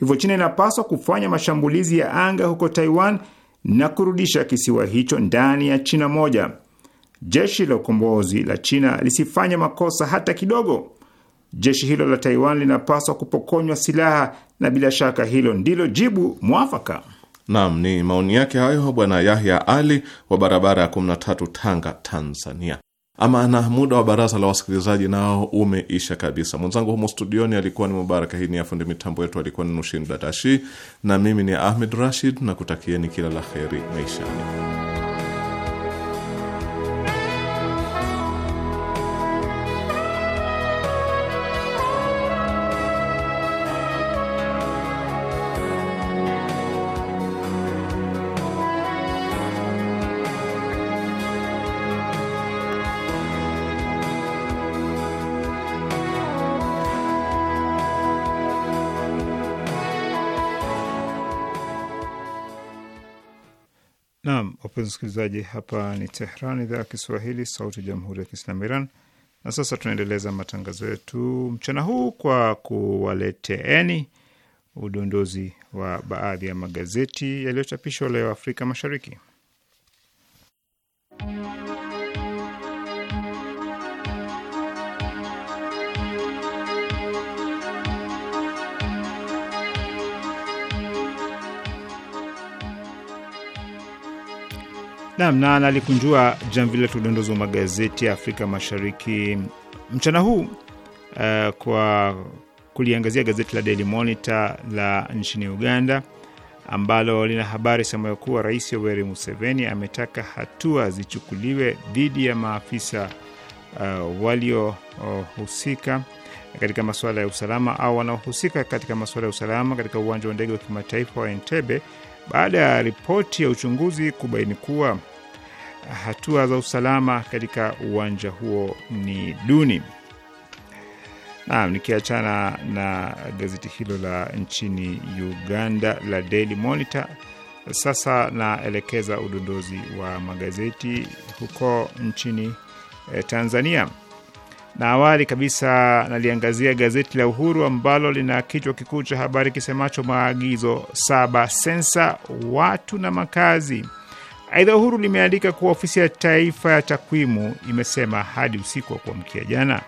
Hivyo China inapaswa kufanya mashambulizi ya anga huko Taiwan na kurudisha kisiwa hicho ndani ya China moja jeshi la ukombozi la China lisifanya makosa hata kidogo. Jeshi hilo la Taiwan linapaswa kupokonywa silaha, na bila shaka hilo ndilo jibu mwafaka. Naam, ni maoni yake hayo Bwana Yahya Ali wa barabara ya 13 Tanga, Tanzania. Ama na muda wa baraza la wasikilizaji nao umeisha kabisa. Mwenzangu humo studioni alikuwa ni Mubaraka Hii ni afundi mitambo yetu alikuwa ni Nushin Dadashi, na mimi ni Ahmed Rashid na kutakieni kila la heri maishani. mpenzi msikilizaji, hapa ni Tehran, idhaa ya Kiswahili, sauti ya jamhuri ya kiislamu Iran. Na sasa tunaendeleza matangazo yetu mchana huu kwa kuwaleteeni udondozi wa baadhi ya magazeti yaliyochapishwa leo Afrika Mashariki. Nam na nalikunjua jamvi letu udondozi wa magazeti ya Afrika Mashariki mchana huu uh, kwa kuliangazia gazeti la Daily Monitor la nchini Uganda ambalo lina habari semayo kuwa Rais Yoweri Museveni ametaka hatua zichukuliwe dhidi ya maafisa uh, waliohusika uh, katika masuala ya usalama au wanaohusika katika masuala ya usalama katika uwanja wa ndege wa kimataifa wa Entebbe baada ya ripoti ya uchunguzi kubaini kuwa hatua za usalama katika uwanja huo ni duni. Naam, nikiachana na gazeti hilo la nchini Uganda la Daily Monitor, sasa naelekeza udondozi wa magazeti huko nchini eh, Tanzania. Na awali kabisa naliangazia gazeti la Uhuru ambalo lina kichwa kikuu cha habari kisemacho maagizo saba sensa watu na makazi. Aidha, Uhuru limeandika kuwa ofisi ya taifa ya takwimu imesema hadi usiku wa kuamkia jana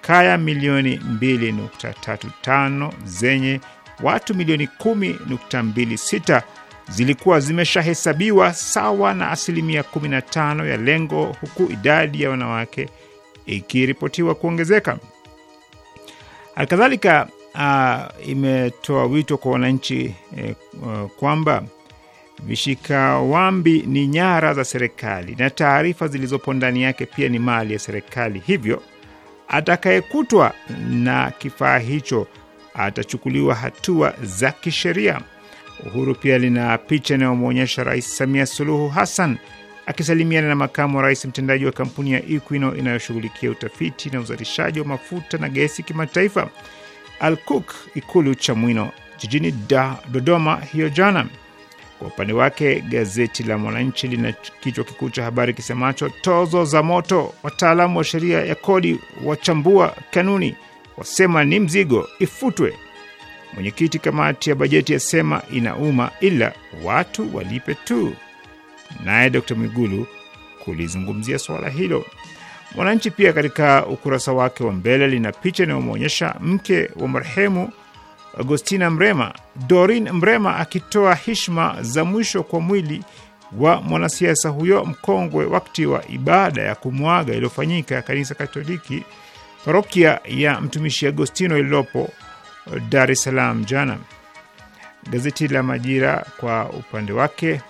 kaya milioni 2.35 zenye watu milioni 10.26 zilikuwa zimeshahesabiwa sawa na asilimia 15 ya lengo, huku idadi ya wanawake ikiripotiwa kuongezeka. Halikadhalika uh, imetoa wito kwa wananchi eh, uh, kwamba vishikawambi ni nyara za serikali na taarifa zilizopo ndani yake pia ni mali ya serikali, hivyo atakayekutwa na kifaa hicho atachukuliwa hatua za kisheria. Uhuru pia lina picha inayomwonyesha Rais Samia Suluhu Hassan Akisalimiana na makamu wa rais mtendaji wa kampuni ya Equino inayoshughulikia utafiti na uzalishaji wa mafuta na gesi kimataifa Alcook, ikulu cha mwino jijini da, Dodoma hiyo jana. Kwa upande wake gazeti la Mwananchi lina kichwa kikuu cha habari kisemacho tozo za moto, wataalamu wa sheria ya kodi wachambua kanuni, wasema ni mzigo ifutwe. Mwenyekiti kamati ya bajeti yasema inauma, ila watu walipe tu naye Dr Mwigulu kulizungumzia suala hilo. Mwananchi pia katika ukurasa wake wa mbele lina picha inayomwonyesha mke wa marehemu Agostina Mrema, Dorin Mrema, akitoa heshima za mwisho kwa mwili wa mwanasiasa huyo mkongwe wakati wa ibada ya kumwaga iliyofanyika kanisa Katoliki parokia ya Mtumishi Agostino iliyopo Dar es Salaam jana. Gazeti la Majira kwa upande wake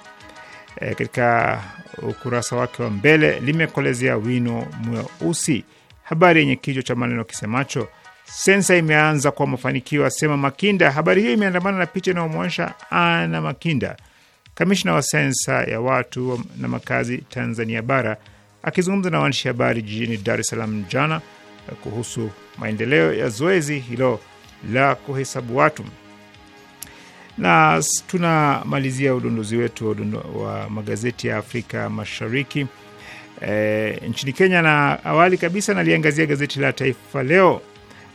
e, katika ukurasa wake wa mbele limekolezea wino mweusi habari yenye kichwa cha maneno kisemacho sensa imeanza kwa mafanikio, asema Makinda. Habari hiyo imeandamana na picha inayomwonyesha Ana Makinda, kamishna wa sensa ya watu na makazi Tanzania Bara, akizungumza na waandishi habari jijini Dar es Salaam jana kuhusu maendeleo ya zoezi hilo la kuhesabu watu na tunamalizia udondozi wetu wa magazeti ya Afrika Mashariki e, nchini Kenya, na awali kabisa naliangazia gazeti la Taifa Leo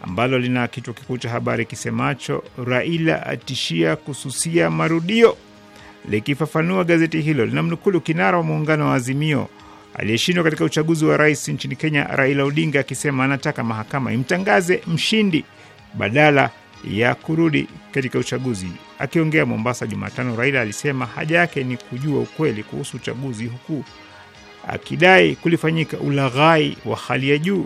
ambalo lina kichwa kikuu cha habari kisemacho Raila atishia kususia marudio. Likifafanua, gazeti hilo linamnukulu kinara wa muungano wa Azimio aliyeshindwa katika uchaguzi wa rais nchini Kenya, Raila Odinga akisema anataka mahakama imtangaze mshindi badala ya kurudi katika uchaguzi. Akiongea Mombasa Jumatano, Raila alisema haja yake ni kujua ukweli kuhusu uchaguzi, huku akidai kulifanyika ulaghai wa hali ya juu.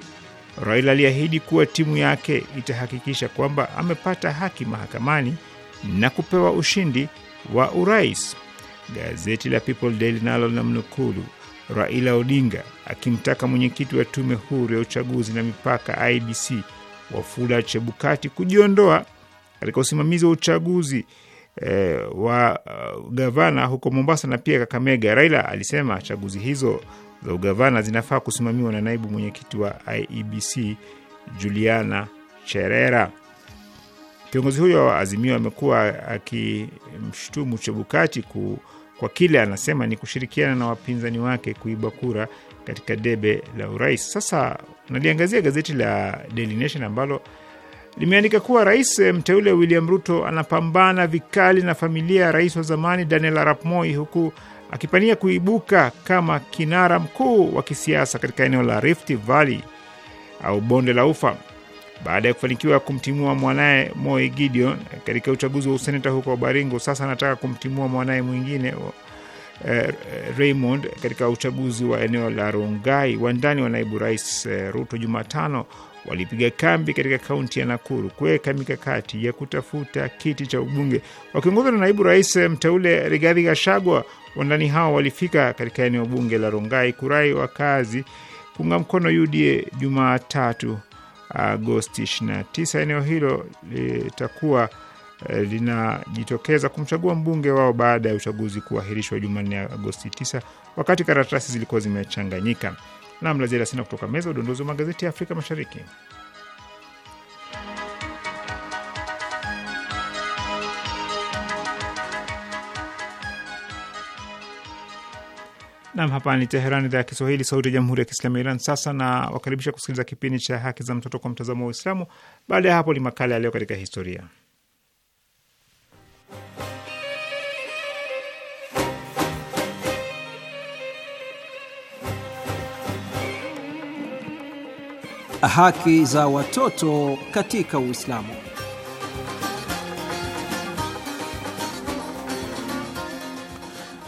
Raila aliahidi kuwa timu yake itahakikisha kwamba amepata haki mahakamani na kupewa ushindi wa urais. Gazeti la People Daily nalo linamnukulu Raila Odinga akimtaka mwenyekiti wa tume huru ya uchaguzi na mipaka IBC Wafula Chebukati kujiondoa katika usimamizi wa uchaguzi e, wa uh, gavana huko Mombasa na pia Kakamega. Raila alisema chaguzi hizo za ugavana zinafaa kusimamiwa na naibu mwenyekiti wa IEBC Juliana Cherera. Kiongozi huyo wa Azimio amekuwa akimshutumu Chebukati kwa kile anasema ni kushirikiana na wapinzani wake kuiba kura katika debe la urais. Sasa naliangazia gazeti la Daily Nation ambalo limeandika kuwa rais mteule William Ruto anapambana vikali na familia ya rais wa zamani Daniel Arap Moi huku akipania kuibuka kama kinara mkuu wa kisiasa katika eneo la Rift Valley au bonde la ufa baada ya kufanikiwa kumtimua mwanaye Moi Gideon katika uchaguzi wa useneta huko Baringo. Sasa anataka kumtimua mwanaye mwingine eh, Raymond katika uchaguzi wa eneo la Rongai. Wandani wa naibu rais eh, Ruto Jumatano walipiga kambi katika kaunti ya Nakuru kuweka mikakati ya kutafuta kiti cha ubunge wakiongozwa na naibu rais eh, mteule Rigathi Gachagua. Wandani hao walifika katika eneo bunge la Rongai kurai wakazi kuunga mkono UDA Jumatatu Agosti 29. Eneo hilo litakuwa Eh, linajitokeza kumchagua mbunge wao baada ya uchaguzi kuahirishwa Jumanne ya Agosti 9 wakati karatasi zilikuwa zimechanganyika. Nam ziada sina kutoka meza udondozi wa magazeti ya Afrika Mashariki. Nam, hapa ni Teheran, idhaa ya Kiswahili, sauti ya jamhuri ya kiislamu ya Iran. Sasa na wakaribisha kusikiliza kipindi cha haki za mtoto kwa mtazamo wa Uislamu. Baada ya hapo ni makala ya leo katika historia Haki za watoto katika Uislamu.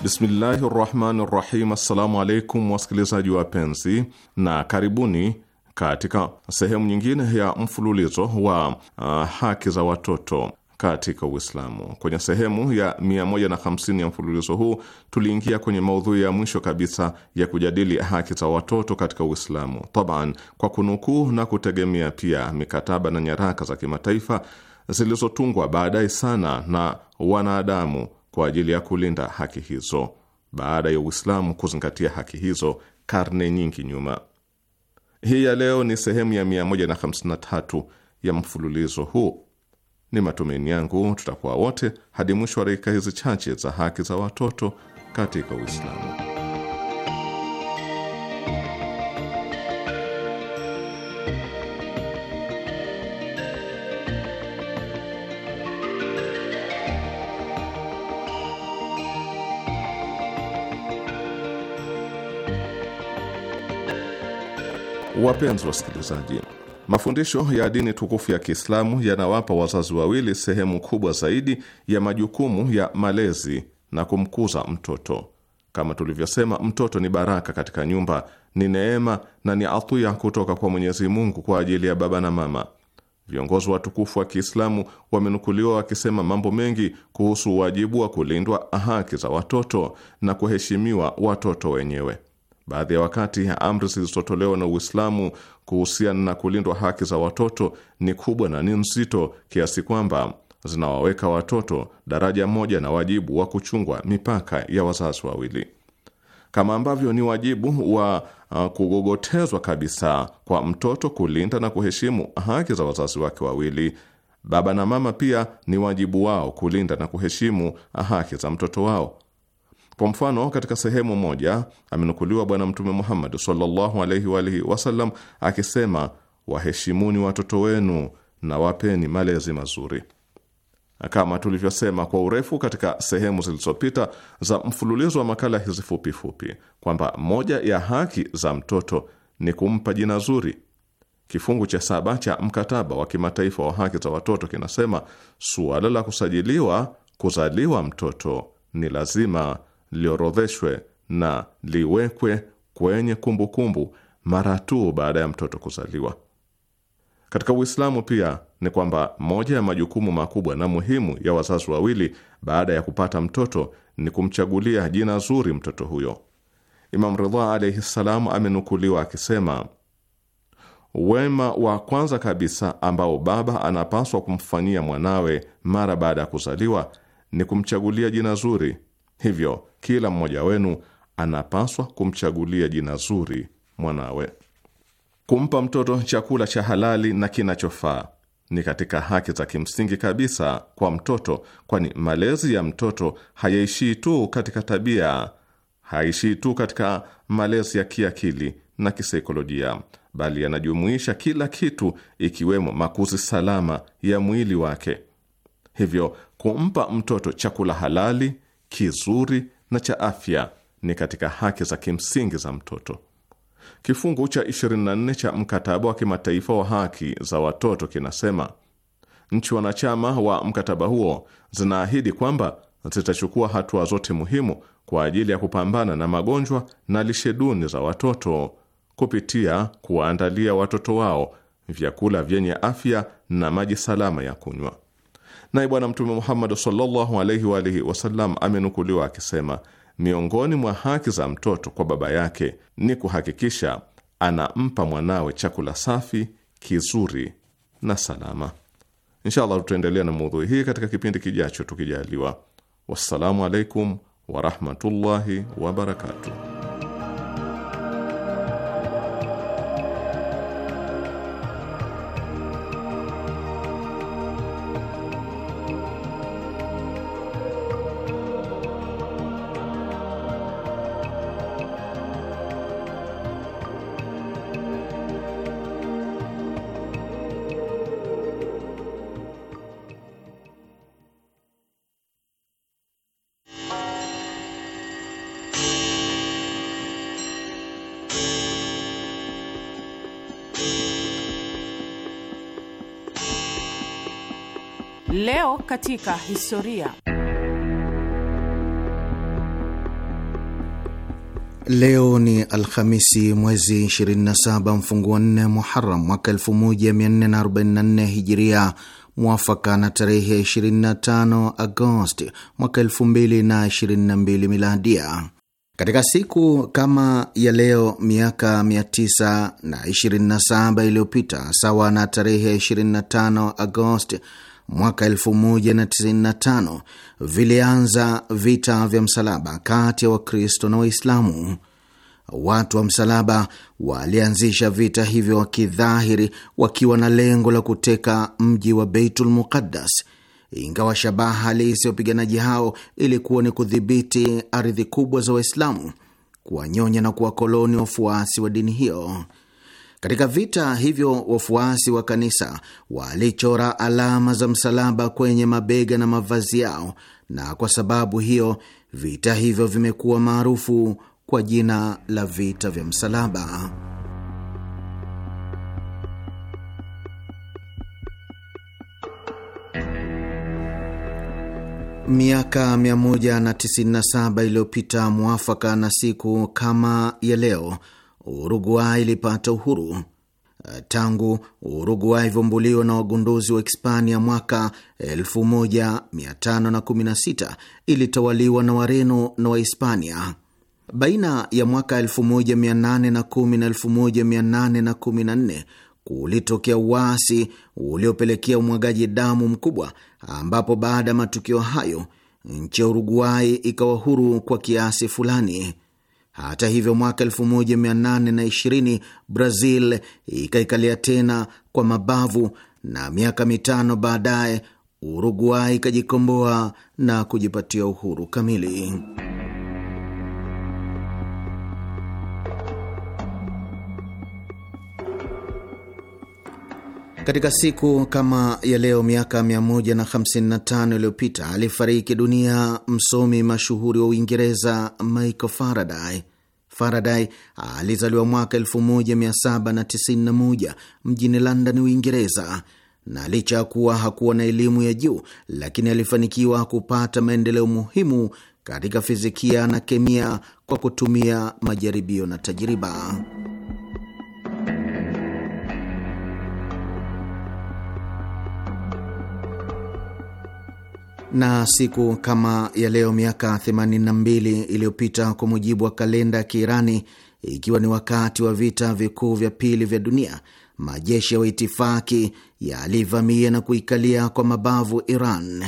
Bismillahi rahmani rahim. Assalamu alaikum wasikilizaji wapenzi, na karibuni katika sehemu nyingine ya mfululizo wa uh, haki za watoto katika Uislamu. Kwenye sehemu ya 150 ya mfululizo huu tuliingia kwenye maudhui ya mwisho kabisa ya kujadili haki za watoto katika Uislamu, taban kwa kunukuu na kutegemea pia mikataba na nyaraka za kimataifa zilizotungwa baadaye sana na wanadamu kwa ajili ya kulinda haki hizo, baada ya Uislamu kuzingatia haki hizo karne nyingi nyuma. Hii ya leo ni sehemu ya 153 ya mfululizo huu. Ni matumaini yangu tutakuwa wote hadi mwisho wa dakika hizi chache za haki za watoto katika Uislamu. Wapenzi wasikilizaji Mafundisho ya dini tukufu ya Kiislamu yanawapa wazazi wawili sehemu kubwa zaidi ya majukumu ya malezi na kumkuza mtoto. Kama tulivyosema, mtoto ni baraka katika nyumba, ni neema na ni atiya kutoka kwa Mwenyezi Mungu kwa ajili ya baba na mama. Viongozi watukufu wa Kiislamu wamenukuliwa wakisema mambo mengi kuhusu wajibu wa kulindwa haki za watoto na kuheshimiwa watoto wenyewe. Baadhi ya wakati amri zilizotolewa na Uislamu kuhusiana na kulindwa haki za watoto ni kubwa na ni nzito kiasi kwamba zinawaweka watoto daraja moja na wajibu wa kuchungwa mipaka ya wazazi wawili, kama ambavyo ni wajibu wa uh, kugogotezwa kabisa kwa mtoto kulinda na kuheshimu haki za wazazi wake wawili. Baba na mama pia ni wajibu wao kulinda na kuheshimu haki za mtoto wao kwa mfano, katika sehemu moja amenukuliwa Bwana Mtume Muhammad sallallahu alaihi wa alihi wasallam akisema, waheshimuni watoto wenu na wapeni malezi mazuri. Kama tulivyosema kwa urefu katika sehemu zilizopita za mfululizo wa makala hizi fupifupi kwamba moja ya haki za mtoto ni kumpa jina zuri. Kifungu cha saba cha mkataba wa kimataifa wa haki za watoto kinasema suala la kusajiliwa kuzaliwa mtoto ni lazima liorodheshwe na liwekwe kwenye kumbukumbu mara tu baada ya mtoto kuzaliwa. Katika Uislamu pia ni kwamba moja ya majukumu makubwa na muhimu ya wazazi wawili baada ya kupata mtoto ni kumchagulia jina zuri mtoto huyo. Imam Ridha alaihi ssalam amenukuliwa akisema, wema wa kwanza kabisa ambao baba anapaswa kumfanyia mwanawe mara baada ya kuzaliwa ni kumchagulia jina zuri Hivyo kila mmoja wenu anapaswa kumchagulia jina zuri mwanawe. Kumpa mtoto chakula cha halali na kinachofaa ni katika haki za kimsingi kabisa kwa mtoto, kwani malezi ya mtoto hayaishii tu katika tabia, haishii tu katika malezi ya kiakili na kisaikolojia, bali yanajumuisha kila kitu, ikiwemo makuzi salama ya mwili wake. Hivyo kumpa mtoto chakula halali kizuri na cha afya ni katika haki za kimsingi za mtoto. Kifungu cha 24 cha mkataba wa kimataifa wa haki za watoto kinasema nchi wanachama wa mkataba huo zinaahidi kwamba zitachukua hatua zote muhimu kwa ajili ya kupambana na magonjwa na lishe duni za watoto kupitia kuwaandalia watoto wao vyakula vyenye afya na maji salama ya kunywa. Naye Bwana Mtume Muhammad sallallahu alaihi wa alihi wasallam amenukuliwa akisema, miongoni mwa haki za mtoto kwa baba yake ni kuhakikisha anampa mwanawe chakula safi, kizuri na salama. Inshallah tutaendelea na maudhui hii katika kipindi kijacho tukijaliwa. Wassalamu alaikum warahmatullahi wabarakatuh. Leo katika historia. Leo ni Alhamisi, mwezi 27 mfunguo nne Muharam mwaka 1444 Hijiria, mwafaka na tarehe 25 Agosti mwaka 2022 Miladia. Katika siku kama ya leo miaka 927 iliyopita, sawa na tarehe 25 Agosti mwaka 1095 vilianza vita vya msalaba kati ya Wakristo na Waislamu. Watu wa msalaba walianzisha vita hivyo wakidhahiri wakiwa na lengo la kuteka mji wa Beitul Muqaddas, ingawa shabaha halisi ya wapiganaji hao ilikuwa ni kudhibiti ardhi kubwa za Waislamu, kuwanyonya na kuwakoloni wafuasi wa dini hiyo. Katika vita hivyo, wafuasi wa kanisa walichora alama za msalaba kwenye mabega na mavazi yao, na kwa sababu hiyo vita hivyo vimekuwa maarufu kwa jina la vita vya msalaba. Miaka 197 iliyopita, mwafaka na siku kama ya leo Uruguay ilipata uhuru. Eh, tangu Uruguay ivumbuliwe na wagunduzi wa Hispania mwaka 1516 ilitawaliwa na Wareno na Wahispania. Baina ya mwaka 1810 na 1814 kulitokea uasi uliopelekea umwagaji damu mkubwa, ambapo baada ya matukio hayo nchi ya Uruguay ikawa huru kwa kiasi fulani. Hata hivyo, mwaka 1820 Brazil ikaikalia tena kwa mabavu na miaka mitano baadaye Uruguay ikajikomboa na kujipatia uhuru kamili. Katika siku kama ya leo miaka 155 iliyopita alifariki dunia msomi mashuhuri wa Uingereza Michael Faraday. Faraday alizaliwa mwaka 1791 mjini London, Uingereza, na licha ya kuwa hakuwa na elimu ya juu, lakini alifanikiwa kupata maendeleo muhimu katika fizikia na kemia kwa kutumia majaribio na tajiriba. na siku kama ya leo miaka 82 iliyopita kwa mujibu wa kalenda ya Kiirani, ikiwa ni wakati wa vita vikuu vya pili vya dunia, majeshi ya waitifaki yalivamia na kuikalia kwa mabavu Iran.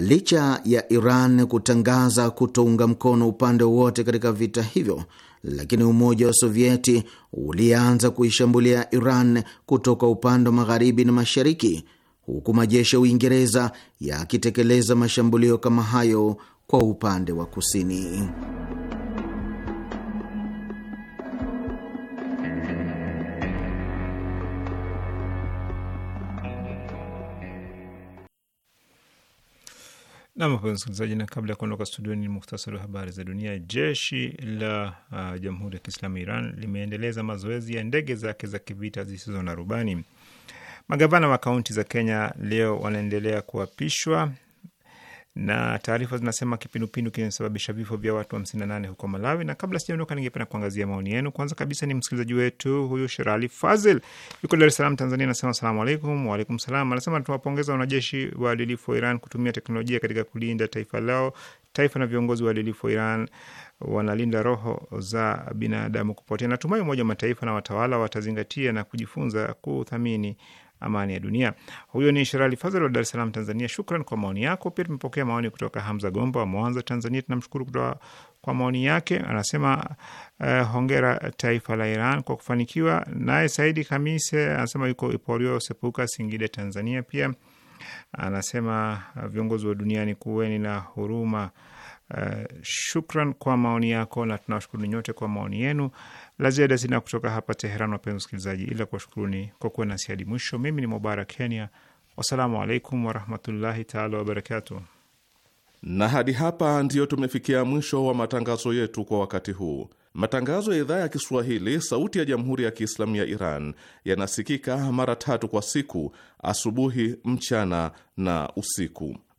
Licha ya Iran kutangaza kutounga mkono upande wowote katika vita hivyo, lakini Umoja wa Sovieti ulianza kuishambulia Iran kutoka upande wa magharibi na mashariki huku majeshi ya Uingereza yakitekeleza mashambulio kama hayo kwa upande wa kusini. Namwape msikilizaji, na kabla ya kuondoka studioni, ni muhtasari wa habari za dunia. Jeshi la uh, Jamhuri ya Kiislamu Iran limeendeleza mazoezi ya ndege zake za kivita zisizo na rubani Magavana wa kaunti za Kenya leo wanaendelea kuapishwa na taarifa zinasema kipindupindu kimesababisha vifo vya watu 58 wa huko Malawi. Na kabla sijaondoka, ningependa kuangazia maoni yenu. Kwanza kabisa ni msikilizaji wetu huyu Sherali Fazil, yuko Dar es Salaam, Tanzania, anasema asalamu alaikum. Waalaikum salam. Anasema tunawapongeza wanajeshi waadilifu wa Iran kutumia teknolojia katika kulinda taifa lao. Taifa na viongozi waadilifu wa Iran wanalinda roho za binadamu kupotea. Natumai Umoja wa Mataifa na watawala watazingatia na kujifunza kuthamini amani ya dunia. Huyo ni Sherali Fadhal wa Dar es Salaam, Tanzania. Shukran kwa maoni yako. Pia tumepokea maoni kutoka Hamza Gomba wa Mwanza, Tanzania. Tunamshukuru kutoka kwa maoni yake, anasema uh, hongera taifa la Iran kwa kufanikiwa. Naye Saidi Kamise anasema yuko Iporio Sepuka, Singida, Tanzania. Pia anasema eh, viongozi wa duniani, kuweni na huruma. Uh, shukran kwa maoni yako na tunawashukuru nyote kwa maoni yenu. La ziada sina kutoka hapa Teheran, wapenzi msikilizaji, ila kuwashukuruni kwa kuwa nasi hadi mwisho. Mimi ni Mubarak Kenya, wassalamu alaikum warahmatullahi taala wabarakatu. Na hadi hapa ndiyo tumefikia mwisho wa matangazo yetu kwa wakati huu. Matangazo ya idhaa ya Kiswahili sauti ya jamhuri ya Kiislamu ya Iran yanasikika mara tatu kwa siku: asubuhi, mchana na usiku.